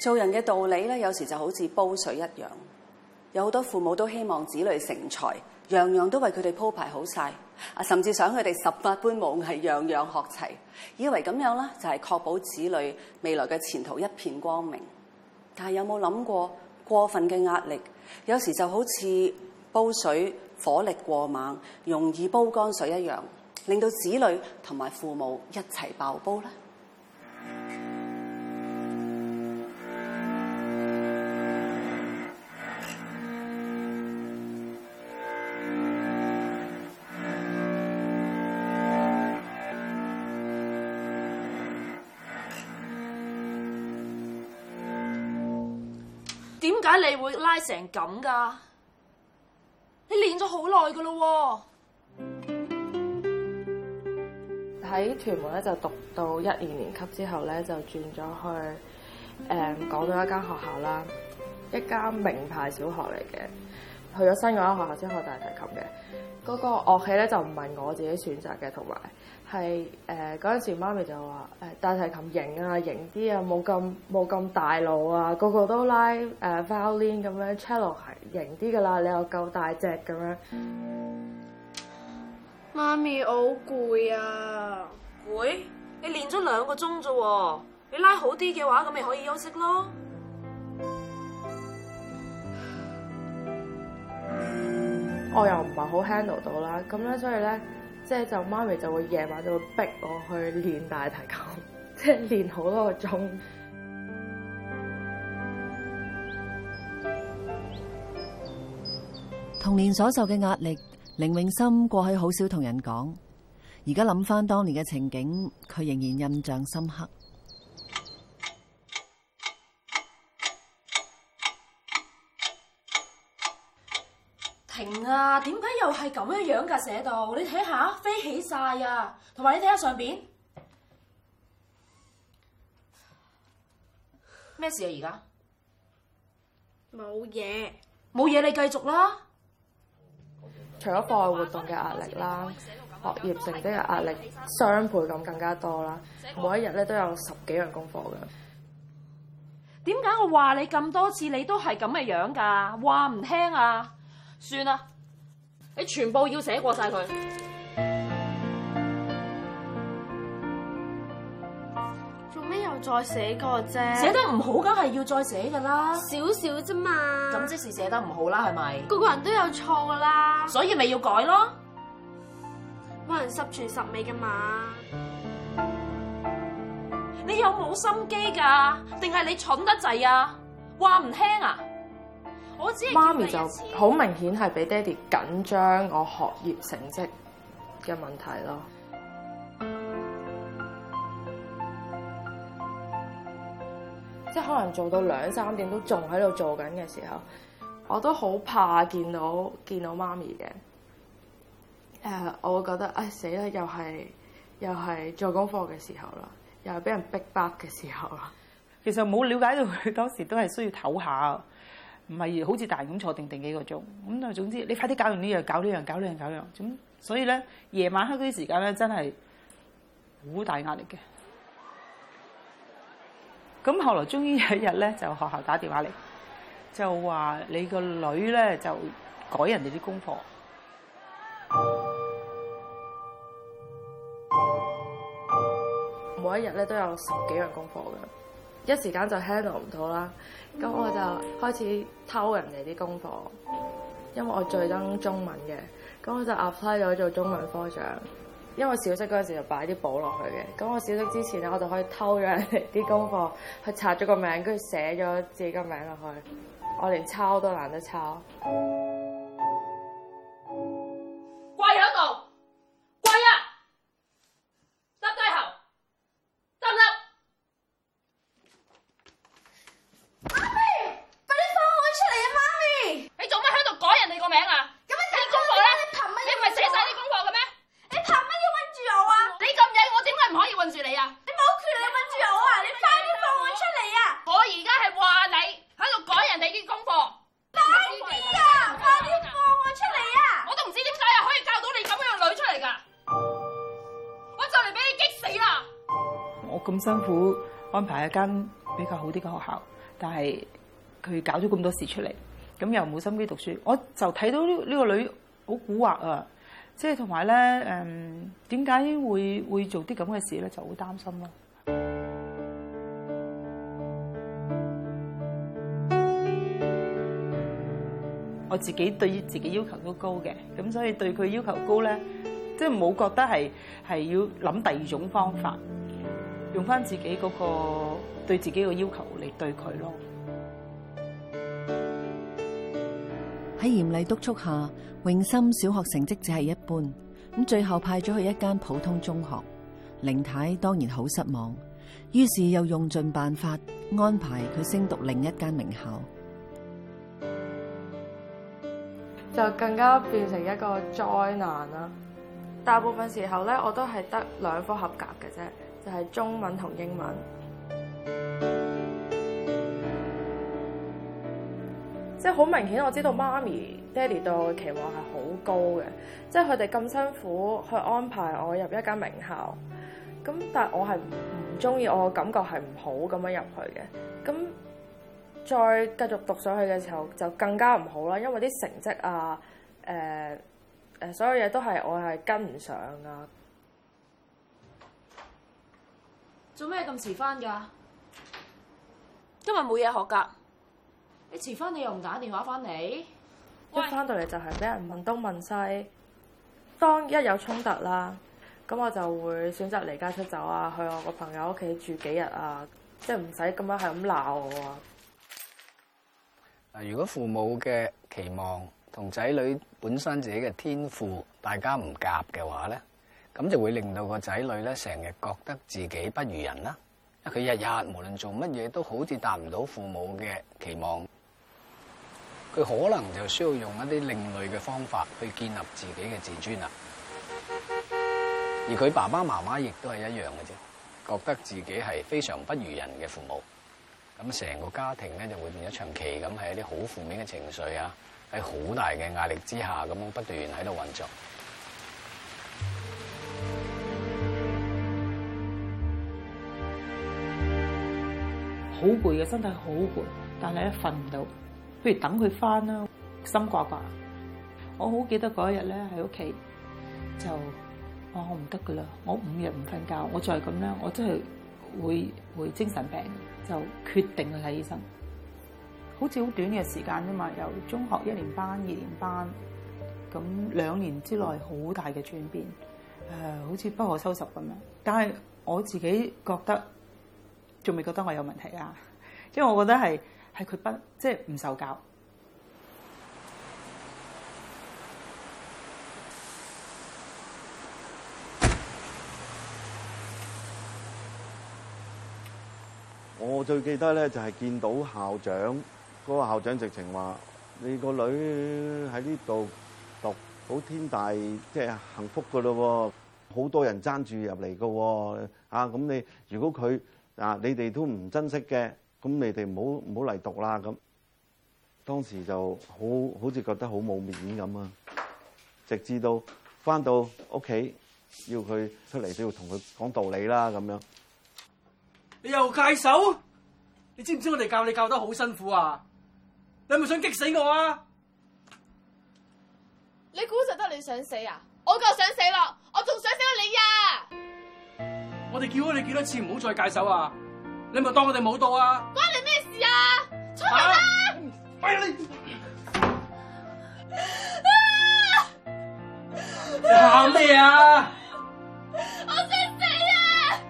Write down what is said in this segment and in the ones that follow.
做人嘅道理咧，有時就好似煲水一樣，有好多父母都希望子女成才，樣樣都為佢哋鋪排好晒，啊，甚至想佢哋十八般武藝樣樣學齊，以為咁樣咧就係確保子女未來嘅前途一片光明。但係有冇諗過過分嘅壓力，有時就好似煲水火力過猛，容易煲乾水一樣，令到子女同埋父母一齊爆煲咧。你會拉成咁噶？你練咗好耐噶咯喎！喺屯門咧就讀到一二年級之後咧就轉咗去誒、嗯，講到一間學校啦，一間名牌小學嚟嘅。去咗新嘅一間學校先學大提琴嘅，嗰、嗰個樂器咧就唔係我自己選擇嘅，同埋。係誒嗰陣時媽媽，媽咪就話誒大提琴型啊，型啲啊，冇咁冇咁大腦啊，個個都拉誒、呃呃、violin 咁樣 cello 係型啲㗎啦，你又夠大隻咁樣。Mm -hmm. 媽咪，我好攰啊！攰、欸？你練咗兩個鐘啫喎，你拉好啲嘅話，咁咪可以休息咯。我又唔係好 handle 到啦，咁咧所以咧。即係就媽咪就會夜晚就會逼我去練大提琴，即係練好多個鐘。童年所受嘅壓力，凌穎琛過去好少同人講。而家諗返當年嘅情景，佢仍然印象深刻。啊，點解又係咁樣樣噶寫到？你睇下飛起晒啊，同埋你睇下上邊咩事啊？而家冇嘢，冇嘢你繼續啦。除咗課外活動嘅壓力啦，學業成績嘅壓力雙倍咁更加多啦。每一日咧都有十幾樣功課噶。點解我話你咁多次，你都係咁嘅樣噶？話唔聽啊？算啦。你全部要寫過曬佢，做咩又再寫過啫？寫得唔好，梗係要再寫噶啦。少少啫嘛。咁即是寫得唔好啦，係咪？個個人都有錯噶啦。所以咪要改咯。冇人十全十美噶嘛。你有冇心機噶？定係你蠢得滯啊？話唔聽啊？媽咪就好明顯係俾爹哋緊張我學業成績嘅問題咯，即係可能做到兩三點都仲喺度做緊嘅時候，我都好怕見到見到媽咪嘅。誒，我會覺得唉死啦，又係又係做功課嘅時候啦，又係俾人逼迫嘅時候啦。其實冇了解到佢當時都係需要唞下。唔係好似大人咁坐定定幾個鐘，咁就總之你快啲搞完呢樣，搞呢樣，搞呢樣，搞樣。咁所以咧，夜晚黑嗰啲時間咧，真係好大壓力嘅。咁後來終於有一日咧，就學校打電話嚟，就話你個女咧就改人哋啲功課，每一日咧都有十幾樣功課嘅。一時間就 handle 唔到啦，咁我就開始偷人哋啲功課，因為我最憎中文嘅，咁我就 apply 咗做中文科長，因為小息嗰陣時就擺啲簿落去嘅，咁我小息之前咧我就可以偷咗人哋啲功課，去擦咗個名，跟住寫咗自己個名落去，我連抄都懶得抄。咁辛苦安排一間比較好啲嘅學校，但係佢搞咗咁多事出嚟，咁又冇心機讀書，我就睇到呢呢個女好蠱惑啊！即係同埋咧，誒點解會會做啲咁嘅事咧？就好擔心咯。 我自己對於自己要求都高嘅，咁所以對佢要求高咧，即係冇覺得係係要諗第二種方法。用翻自己嗰個對自己嘅要求嚟對佢咯。喺嚴厲督促下，穎琛小學成績只係一般，咁最後派咗去一間普通中學。凌太當然好失望，於是又用盡辦法安排佢升讀另一間名校，就更加變成一個災難啦。大部分時候咧，我都係得兩科合格嘅啫。就係、是、中文同英文，即係好明顯，我知道媽咪、爹哋對我嘅期望係好高嘅，即係佢哋咁辛苦去安排我入一間名校，咁但係我係唔中意，我嘅感覺係唔好咁樣入去嘅。咁再繼續讀上去嘅時候，就更加唔好啦，因為啲成績啊，誒、呃、誒，所有嘢都係我係跟唔上啊。做咩咁遲翻噶？今日冇嘢學噶。你遲翻你又唔打電話翻嚟？一翻到嚟就係俾人問東問西，當一有衝突啦，咁我就會選擇離家出走啊，去我個朋友屋企住幾日啊，即係唔使咁樣係咁鬧我啊。嗱，如果父母嘅期望同仔女本身自己嘅天賦大家唔夾嘅話咧？咁就會令到個仔女咧，成日覺得自己不如人啦。因為佢日日無論做乜嘢都好似達唔到父母嘅期望，佢可能就需要用一啲另類嘅方法去建立自己嘅自尊啦。而佢爸爸媽媽亦都係一樣嘅啫，覺得自己係非常不如人嘅父母。咁成個家庭咧就會變咗長期咁喺一啲好負面嘅情緒啊，喺好大嘅壓力之下咁不斷喺度運作。好攰嘅，身體好攰，但係咧瞓唔到。不如等佢返啦，心掛掛。我好記得嗰一日咧喺屋企就，哦、我唔得噶啦，我五日唔瞓覺，我再咁樣呢，我真係會會精神病。就決定去睇醫生。好似好短嘅時間啫嘛，由中學一年班、二年班，咁兩年之內好大嘅轉變，誒、呃、好似不可收拾咁樣。但係我自己覺得。仲未覺得我有問題啊！因為我覺得係係佢不，即係唔受教。我最記得咧，就係見到校長，嗰個校長直情話：你個女喺呢度讀好天大，即係幸福噶咯喎！好多人爭住入嚟噶喎，啊，咁你如果佢。啊！你哋都唔珍惜嘅，咁你哋唔好唔好嚟讀啦。咁當時就好好似覺得好冇面咁啊！直至到返到屋企，要佢出嚟都要同佢講道理啦。咁樣你又鎅手？你知唔知我哋教你教得好辛苦啊？你係咪想激死我啊？你估就得你想死啊？我夠想死咯！我仲想死你啊！你叫咗你幾多次，唔好再鎅手啊！你咪當我哋冇到啊！關你咩事啊！出嚟啦！閪、啊、你！啊、你喊咩啊？我想死啊！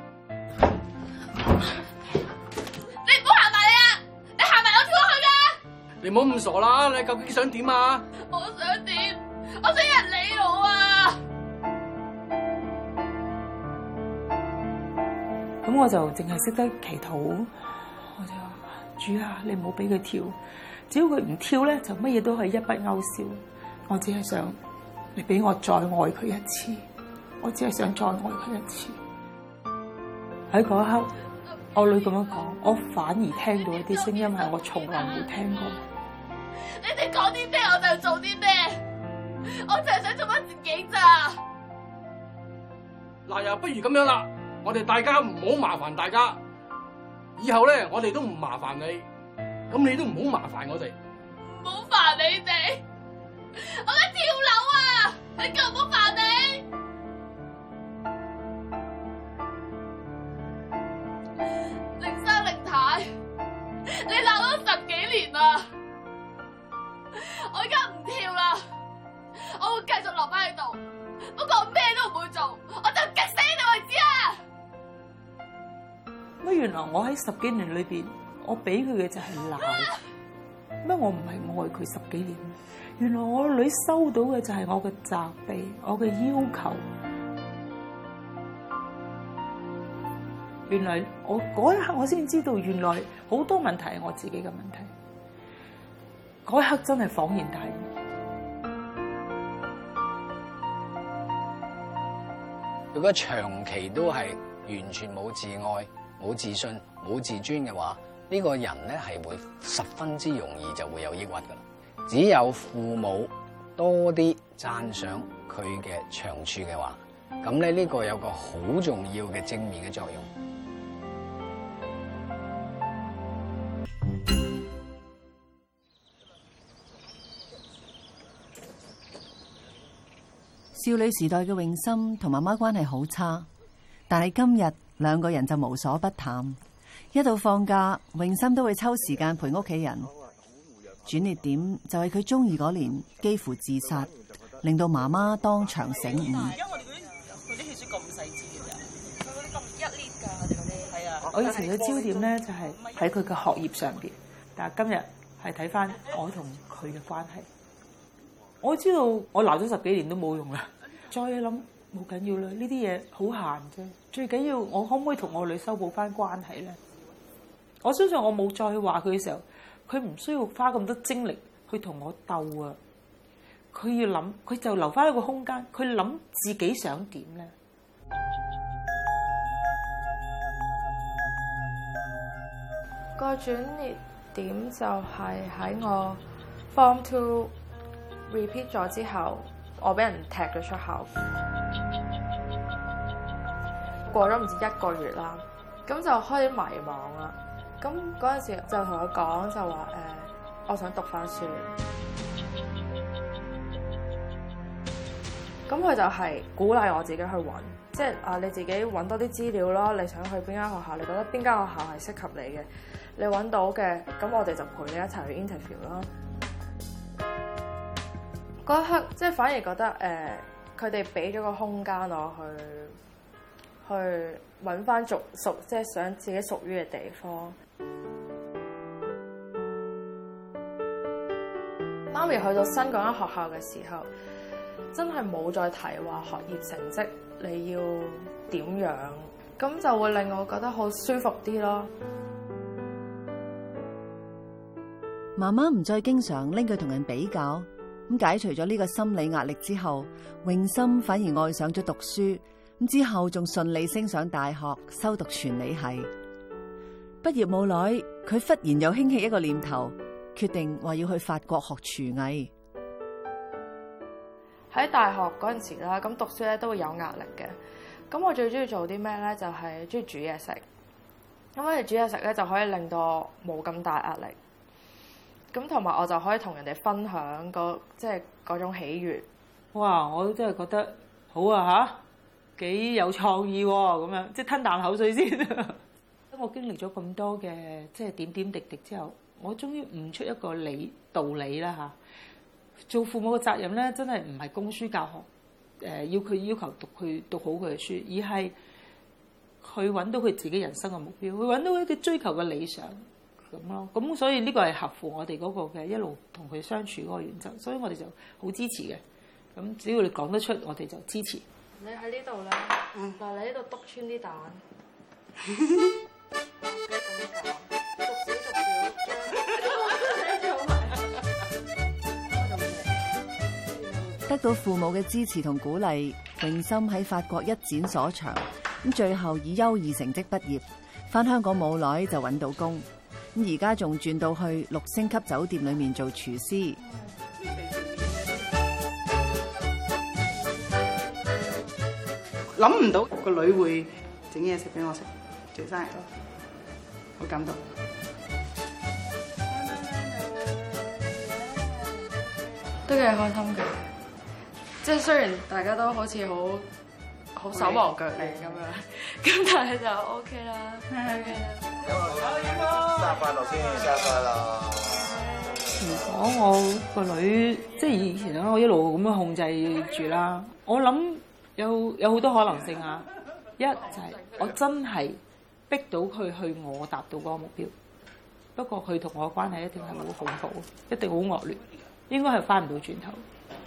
你唔好行埋嚟啊！你行埋我跳去噶！你唔好咁傻啦！你究竟想點啊？我想點？我想。咁我就淨係識得祈禱，我就話，主啊，你唔好俾佢跳，只要佢唔跳咧，就乜嘢都係一筆勾銷。我只係想你俾我再愛佢一次，我只係想再愛佢一次。喺嗰一刻，我，我女咁樣講，我反而聽到一啲聲音係我從來冇聽過。你哋講啲咩，我就做啲咩，我淨係想做翻自己咋。嗱，又、 啊、不如咁樣啦。我哋大家唔好麻煩大家，以後咧我哋都唔麻煩你，咁你都唔好麻煩我哋。唔好煩你哋，我而家跳樓啊！你夠唔麻煩你？凌 生凌太，你鬧咗十幾年啦，我而家唔跳啦，我會繼續留翻喺度，不過我咩都唔會做，我就。原來我喺十幾年裏邊，我俾佢嘅就係鬧，乜我唔係愛佢十幾年？原來我女收到嘅就係我嘅責備，我嘅要求。原來我嗰一刻我先知道，原來好多問題係我自己嘅問題。嗰一刻真係恍然大悟。如果長期都係完全冇自愛。冇自信、冇自尊嘅話，呢、這個人咧係會十分之容易就會有抑鬱噶啦。只有父母多啲讚賞佢嘅長處嘅話，咁咧呢、這個有個好重要嘅正面嘅作用。少女時代嘅穎琛同媽媽關係好差，但係今日，兩個人就無所不談，一到放假，穎琛都會抽時間陪屋企人。轉捩點就係佢中二嗰年，幾乎自殺，令到媽媽當場醒悟。我以前嘅焦點咧就係喺佢嘅學業上邊，但係今日係睇翻我同佢嘅關係。我知道我鬧咗十幾年都冇用啦， 再諗冇緊要啦，呢啲嘢好閒啫。最緊要我可唔可以同我女修補翻關係咧？我相信我冇再去話佢嘅時候，佢唔需要花咁多精力去同我鬥啊！佢要諗，佢就留翻一個空間，佢諗自己想點咧。個轉捩點就係喺我 form two repeat 咗之後，我俾人踢咗出口。過咗唔止一個月啦，咁就開始迷茫啦。咁嗰陣時就同佢講，就話誒、欸，我想讀翻書。咁佢就係鼓勵我自己去搵，即係啊，你自己搵多啲資料咯。你想去邊間學校？你覺得邊間學校係適合你嘅？你搵到嘅，咁我哋就陪你一齊去 interview 咯。嗰一刻即係、就是、反而覺得誒，佢哋俾咗個空間我去。去揾翻熟熟，即係想自己屬於嘅地方。媽咪去到新嗰間學校嘅時候，真係冇再提話學業成績你要點樣，咁就會令我覺得好舒服啲咯。媽媽唔再經常拎佢同人比較，咁解除咗呢個心理壓力之後，穎琛反而愛上咗讀書。之後仲順利升上大學，修讀傳理系。畢業冇耐，佢忽然又興起一個念頭，決定話要去法國學廚藝。喺大學嗰陣時啦，咁讀書咧都會有壓力嘅。咁我最中意做啲咩咧？就係中意煮嘢食。咁我哋煮嘢食咧，就可以令到冇咁大壓力。咁同埋我就可以同人哋分享嗰，即係嗰種喜悅。哇！我都真係覺得好啊吓。幾有創意喎咁樣，即係吞啖口水先。咁 我經歷咗咁多嘅即係點點滴滴之後，我終於悟出一個理道理啦吓、啊，做父母嘅責任咧，真係唔係供書教學，誒、呃、要佢要求讀佢讀好佢嘅書，而係去揾到佢自己人生嘅目標，去揾到一啲追求嘅理想咁咯。咁所以呢個係合乎我哋嗰個嘅一路同佢相處嗰個原則，所以我哋就好支持嘅。咁只要你講得出，我哋就支持。你喺呢度啦，嗱你喺度篤穿啲蛋。 得到父母嘅支持同鼓勵，穎琛喺法國一展所長，咁最後以優異成績畢業，返香港冇耐就揾到工，咁而家仲轉到去六星級酒店裏面做廚師。諗唔到、個女會整嘢食俾我食，做生日咯，好感動都幾開心嘅。即係雖然大家都好似好好手忙腳嚟咁樣，咁、okay. 但係就 OK 啦。咁 嗯 OK 嗯嗯、我生翻先，生曬啦。如果我個女即係以前我一路咁樣控制住啦，我諗。有有好多可能性啊！一就係我真係逼到佢去我達到嗰個目標，不過佢同我嘅關係一定係好恐怖，一定好惡劣，應該係翻唔到轉頭。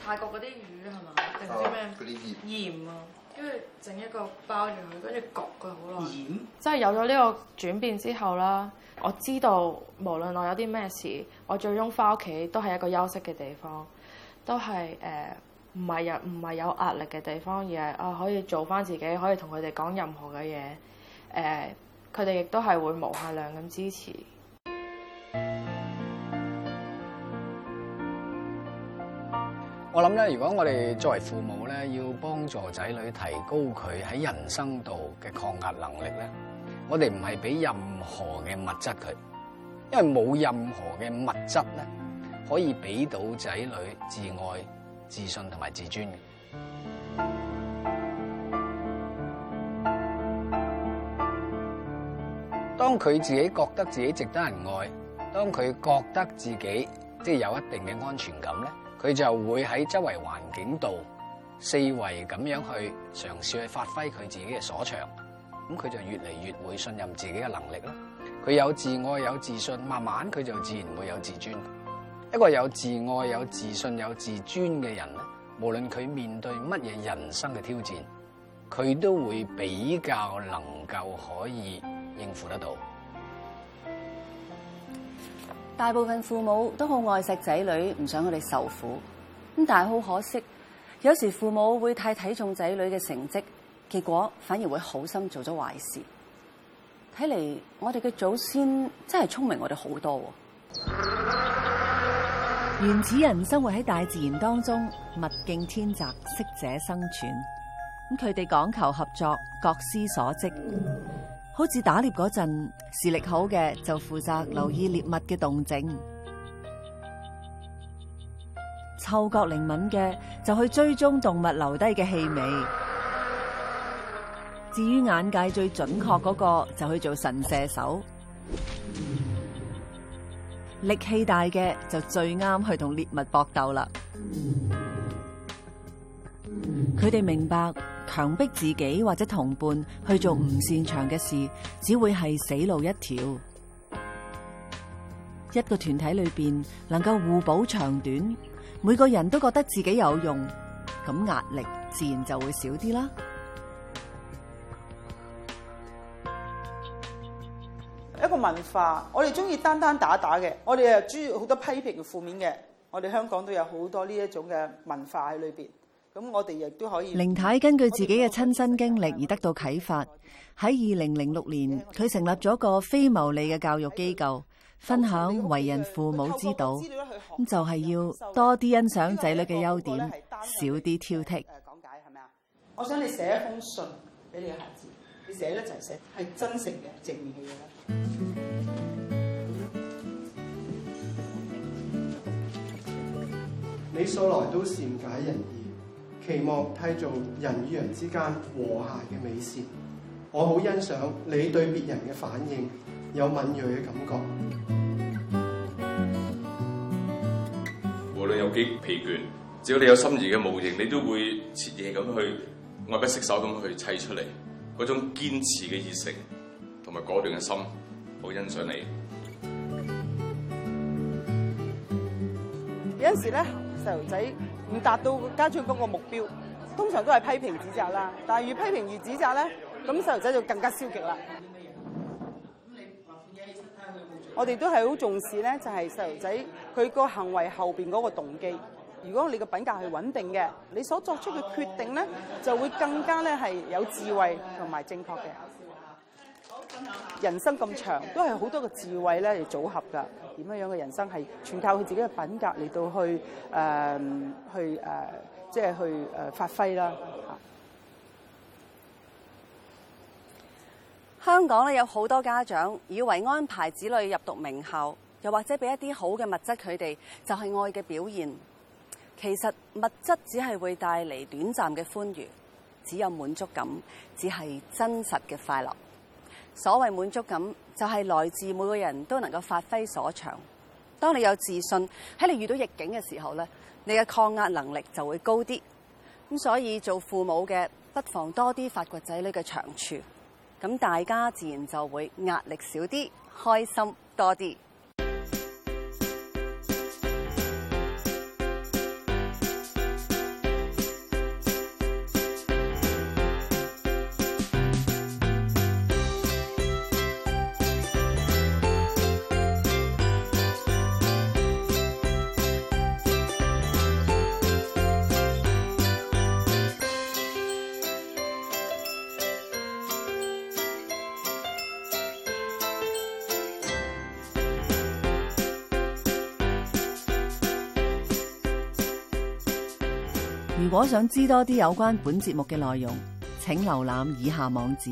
泰國嗰啲魚係嘛？定唔知咩？啲鹽啊，跟住整一個包住佢，跟住焗佢好耐。鹽？即係有咗呢個轉變之後啦，我知道無論我有啲咩事，我最終翻屋企都係一個休息嘅地方，都係誒。呃唔係有唔係有壓力嘅地方，而係啊可以做翻自己，可以同佢哋講任何嘅嘢。誒，佢哋亦都係會無限量咁支持。我諗咧，如果我哋作為父母咧，要幫助仔女提高佢喺人生度嘅抗壓能力咧，我哋唔係俾任何嘅物質佢，因為冇任何嘅物質咧可以俾到仔女自愛。自信同埋自尊。當佢自己覺得自己值得人愛，當佢覺得自己即係、就是、有一定嘅安全感呢，佢就會喺周圍環境度四圍咁樣去嘗試去發揮佢自己嘅所長。咁佢就越嚟越會信任自己嘅能力啦。佢有自我，有自信，慢慢佢就自然會有自尊。一個有自愛、有自信、有自尊嘅人咧，無論佢面對乜嘢人生嘅挑戰，佢都會比較能夠可以應付得到。大部分父母都好愛錫仔女，唔想佢哋受苦。咁但係好可惜，有時父母會太睇重仔女嘅成績，結果反而會好心做咗壞事。睇嚟我哋嘅祖先真係聰明，我哋好多喎。原始人生活喺大自然當中，物競天擇，適者生存。咁佢哋講求合作，各司所職。好似打獵嗰陣，視力好嘅就負責留意獵物嘅動靜，嗅覺靈敏嘅就去追蹤動物留低嘅氣味。至於眼界最準確嗰個，就去做神射手。力氣大嘅就最啱去同獵物搏鬥啦。佢哋、嗯、明白強迫自己或者同伴去做唔擅長嘅事，只會係死路一條。一個團體裏邊能夠互補長短，每個人都覺得自己有用，咁壓力自然就會少啲啦。文化，我哋中意單單打打嘅，我哋又中意好多批評嘅負面嘅，我哋香港都有好多呢一種嘅文化喺裏邊。咁我哋亦都可以。凌太根據自己嘅親身經歷而得到啟發，喺二零零六年佢成立咗個非牟利嘅教育機構，分享為人父母之道。咁就係要多啲欣賞仔女嘅優點，少啲挑剔。講解係咪？我想你寫一封信俾你嘅孩子。你寫咧，就係寫係真誠嘅正面嘅嘢啦。你素來都善解人意，期望締造人與人之間和諧嘅美善。我好欣賞你對別人嘅反應有敏鋭嘅感覺。無論有幾疲倦，只要你有心儀嘅模型，你都會徹夜咁去愛不釋手咁去砌出嚟。嗰種堅持嘅熱誠同埋果斷嘅心，好欣賞你。有陣時咧，細路仔唔達到家長嗰個目標，通常都係批評指責啦。但係越批評越指責咧，咁細路仔就更加消極啦。我哋都係好重視咧，就係細路仔佢個行為後邊嗰個動機。如果你嘅品格係穩定嘅，你所作出嘅決定咧就會更加咧係有智慧同埋正確嘅。人生咁長，都係好多個智慧咧嚟組合㗎。點樣樣嘅人生係全靠佢自己嘅品格嚟到去誒、呃、去誒、呃，即係去誒發揮啦。香港咧有好多家長以為安排子女入讀名校，又或者俾一啲好嘅物質佢哋，就係、是、愛嘅表現。其實物質只係會帶嚟短暫嘅歡愉，只有滿足感，只係真實嘅快樂。所謂滿足感，就係來自每個人都能夠發揮所長。當你有自信，喺你遇到逆境嘅時候咧，你嘅抗壓能力就會高啲。咁所以做父母嘅，不妨多啲發掘仔女嘅長處，咁大家自然就會壓力少啲，開心多啲。如果想知多啲有關本節目嘅內容，請瀏覽以下網址。